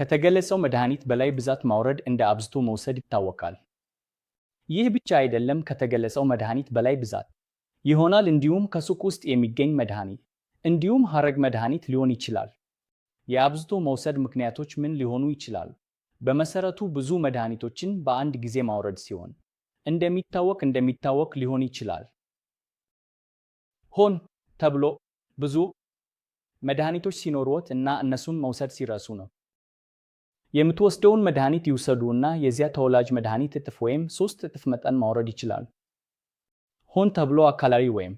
ከተገለጸው መድኃኒት በላይ ብዛት ማውረድ እንደ አብዝቶ መውሰድ ይታወቃል። ይህ ብቻ አይደለም፣ ከተገለጸው መድኃኒት በላይ ብዛት ይሆናል። እንዲሁም ከሱቅ ውስጥ የሚገኝ መድኃኒት እንዲሁም ሐረግ መድኃኒት ሊሆን ይችላል። የአብዝቶ መውሰድ ምክንያቶች ምን ሊሆኑ ይችላሉ? በመሰረቱ ብዙ መድኃኒቶችን በአንድ ጊዜ ማውረድ ሲሆን እንደሚታወቅ እንደሚታወቅ ሊሆን ይችላል። ሆን ተብሎ ብዙ መድኃኒቶች ሲኖርዎት እና እነሱን መውሰድ ሲረሱ ነው። የምትወስደውን መድኃኒት ይውሰዱ እና የዚያ ተወላጅ መድኃኒት እጥፍ ወይም ሶስት እጥፍ መጠን ማውረድ ይችላል። ሆን ተብሎ አካላዊ ወይም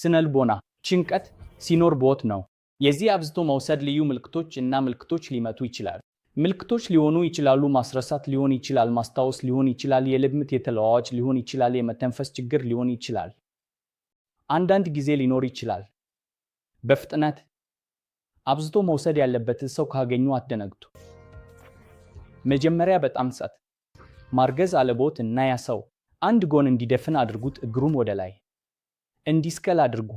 ስነልቦና ጭንቀት ሲኖር ቦት ነው። የዚህ አብዝቶ መውሰድ ልዩ ምልክቶች እና ምልክቶች ሊመቱ ይችላል። ምልክቶች ሊሆኑ ይችላሉ ማስረሳት ሊሆን ይችላል፣ ማስታወስ ሊሆን ይችላል፣ የልብ ምት የተለዋዋጭ ሊሆን ይችላል፣ የመተንፈስ ችግር ሊሆን ይችላል። አንዳንድ ጊዜ ሊኖር ይችላል በፍጥነት አብዝቶ መውሰድ ያለበትን ሰው ካገኙ አትደነግጡ። መጀመሪያ በጣም ሳት ማርገዝ አለቦት እና ያ ሰው አንድ ጎን እንዲደፍን አድርጉት። እግሩን ወደ ላይ እንዲስከል አድርጉ።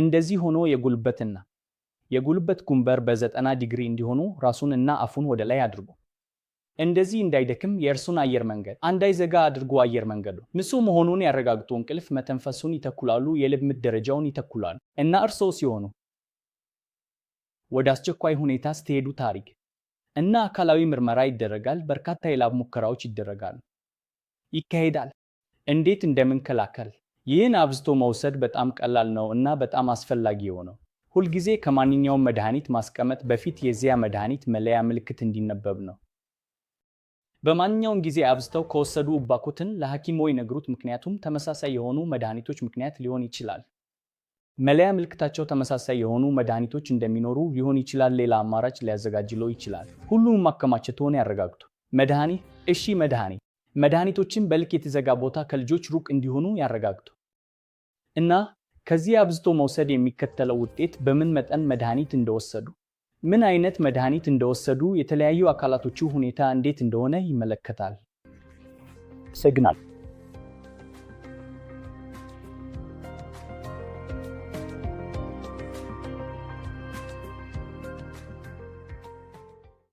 እንደዚህ ሆኖ የጉልበትና የጉልበት ጉንበር በዘጠና ዲግሪ እንዲሆኑ ራሱን እና አፉን ወደ ላይ አድርጉ። እንደዚህ እንዳይደክም የእርሱን አየር መንገድ እንዳይዘጋ አድርጎ አየር መንገዱ ምሱ መሆኑን ያረጋግጡ። እንቅልፍ መተንፈሱን ይተኩላሉ። የልብ ምት ደረጃውን ይተኩላሉ እና እርሶ ሲሆኑ ወደ አስቸኳይ ሁኔታ ስትሄዱ ታሪክ እና አካላዊ ምርመራ ይደረጋል። በርካታ የላብ ሙከራዎች ይደረጋሉ ይካሄዳል። እንዴት እንደምንከላከል ይህን አብዝቶ መውሰድ በጣም ቀላል ነው እና በጣም አስፈላጊ የሆነው ሁልጊዜ ከማንኛውም መድኃኒት ማስቀመጥ በፊት የዚያ መድኃኒት መለያ ምልክት እንዲነበብ ነው። በማንኛውም ጊዜ አብዝተው ከወሰዱ እባኮትን ለሐኪሞ ይነግሩት፣ ምክንያቱም ተመሳሳይ የሆኑ መድኃኒቶች ምክንያት ሊሆን ይችላል። መለያ ምልክታቸው ተመሳሳይ የሆኑ መድኃኒቶች እንደሚኖሩ ሊሆን ይችላል ሌላ አማራጭ ሊያዘጋጅለው ይችላል። ሁሉንም ማከማቸት ሆነ ያረጋግጡ። መድኃኒት እሺ፣ መድኃኒት መድኃኒቶችን በልክ የተዘጋ ቦታ ከልጆች ሩቅ እንዲሆኑ ያረጋግጡ እና ከዚህ አብዝቶ መውሰድ የሚከተለው ውጤት በምን መጠን መድኃኒት እንደወሰዱ፣ ምን አይነት መድኃኒት እንደወሰዱ፣ የተለያዩ አካላቶቹ ሁኔታ እንዴት እንደሆነ ይመለከታል። ሰግናል